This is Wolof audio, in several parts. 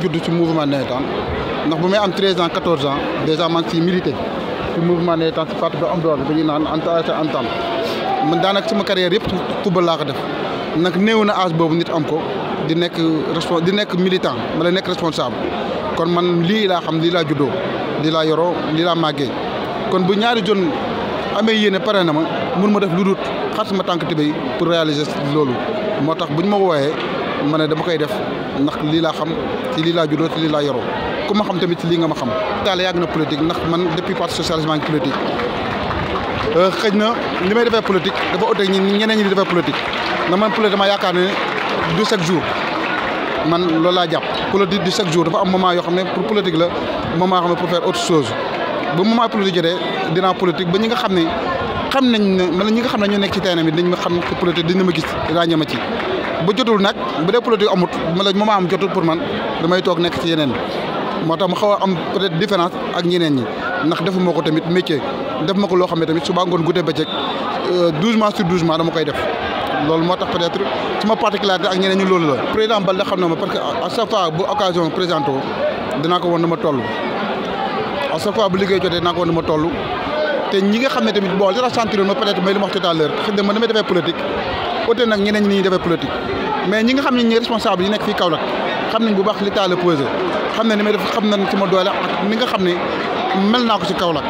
juddu judd ci mouvement navétane ndax bu may am 13 ans 14 ans dèjà maa ngi ciy milité ci mouvement navétane ci parti bi am doole bi ñuy naan entente entente man daanaka sama carrière yëpp football laa ko def nag néew na âge boobu nit am ko di nekk respons di nekk militant wala nekk responsable kon man lii laa xam lii laa juddoo lii laa yoro lii laa màggee kon bu ñaari jon amee yéene pare na ma mun ma def lu dut xar sama tànk tibéy pour réaliser loolu moo tax bu ñu ma wooyee ma ne dama koy def ndax lii laa xam ci lii laa juddoo ci lii laa yoroo ku ma xam tamit ci lii nga ma xam. daal yàgg na politique ndax man depuis parti socialiste maa ngi euh, na li may defee politique dafa ñeneen ñi di defee politique ndax man politique dama yaakaar ne du chaque jour man loolu laa jàpp politique du chaque jour dafa am moment yoo xam ne pour politique la moment yoo xam ne pour faire autre chose ba moment politique jotee dinaa politique ba ñi nga xam ne xam nañ ne ñi nga xam ne ñoo nekk ci terrain bi dañ ma xam ci politique ci. bu jotul nag bu dee politique amut ma la ma am jotul pour man damay toog nekk ci yeneen moo tax ma xaw a am peut différence ak ñeneen ñi ndax defu ma ko tamit métier def ma ko loo xam ne tamit suba ngoon guddee bëccëg euh, douze mois sur douze mois dama koy def loolu moo tax peut-être suma particularité ak ñeneen ñi loolu la. président Baldé xam na ma parce que a chaque fois bu occasion présenté woo dinaa ko woon dama toll à chaque fois bu liggéey jotee dinaa ko woon dama toll te ñi nga xam ne tamit bon li tax sentir ma peut may ute nag ñeneen ñi ñuy defee politique mais ñi nga xam ne ñi responsable yi nekk fii Kaolack xam nañ bu baax li taal la posé xam na ni may def xam nañ ma doole ak nga xam ne mel naa ko ci Kaolack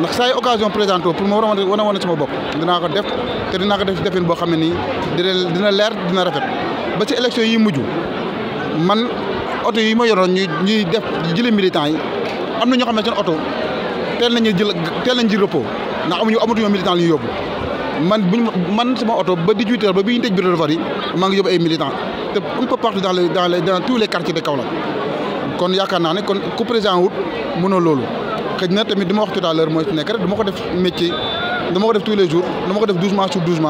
ndax saa yu occasion pour ma war a wan a wan sama bopp dinaa ko def te dinaa ko def defin boo xam ne dina dina leer dina rafet ba ci élection yi mujj man oto yi ma yoroon ñuy ñuy def jëli militant yi am na ñoo xam ne seen oto teel nañu jël teel nañ ji repos ndax amuñu amatuñoo militant li ñu yóbbu man bu ñu man sama oto ba 18 heures ba bi ñu tëj bureau de vote yi maa ngi yóbbu ay militants te un peu partout dans les dans tous les quartiers de Kaolack kon yaakaar naa ne kon ku président wut mënoo loolu xëj na tamit dama wax tout à l'heure mooy ci nekk rek dama ko def métier dama ko def tous les jours dama ko def douze mois sur douze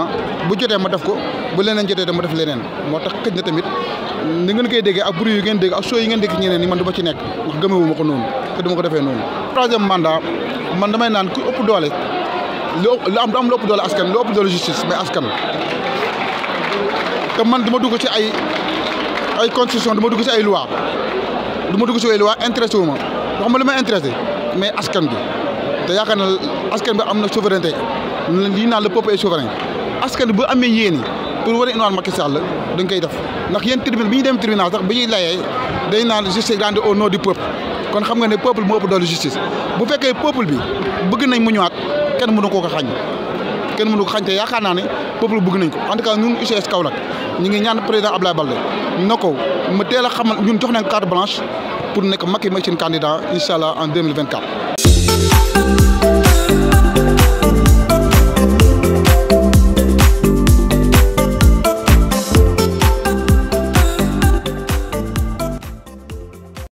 bu jotee ma def ko bu leneen jotee dama def leneen moo tax xëj na tamit ni ngeen koy déggee ak bruit yu ngeen dégg ak sooy yi ngeen dégg nekk wax gëmewu ko noonu te dama ko defee noonu troisième mandat man damay naan ku ëpp doole loo lu am lu am lépp doole askan lépp doole justice mais askan te man du dugg ci ay ay constitution du dugg si ay loi du ma dugg ci ay loi intéressé wu ma xam nga li may intéressé mais askan bi te yaakaar na askan bi am na souveraineté lii naan le peuple est souverain askan bi bu amee yéene pour war a indiwaat Macky Sall dañ koy def ndax yéen tribunal bi ñu dem tribunal sax bu ñuy layee day naan justice grande au nom du peuple kon xam nga ne peuple moo ëpp doole justice bu fekkee peuple bi bëgg nañ mu ñëwaat. kenn mënu koo ko kenn mënu ko xañ te yaakaar naa ne peuple bëgg nañ ko en tout cas ñun UCS Kaolack ñu ngi ñaan président Abdoulaye Baldé na ko ma teel a ñun jox nañ carte blanche pour nekk Macky mooy seen candidat incha allah en 2024